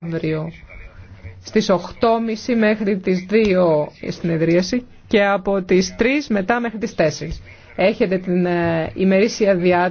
Στι στις 8.30 μέχρι τις 2 η συνεδρίαση και από τις 3 μετά μέχρι τις 4. Έχετε την ε, ημερήσια διάσταση.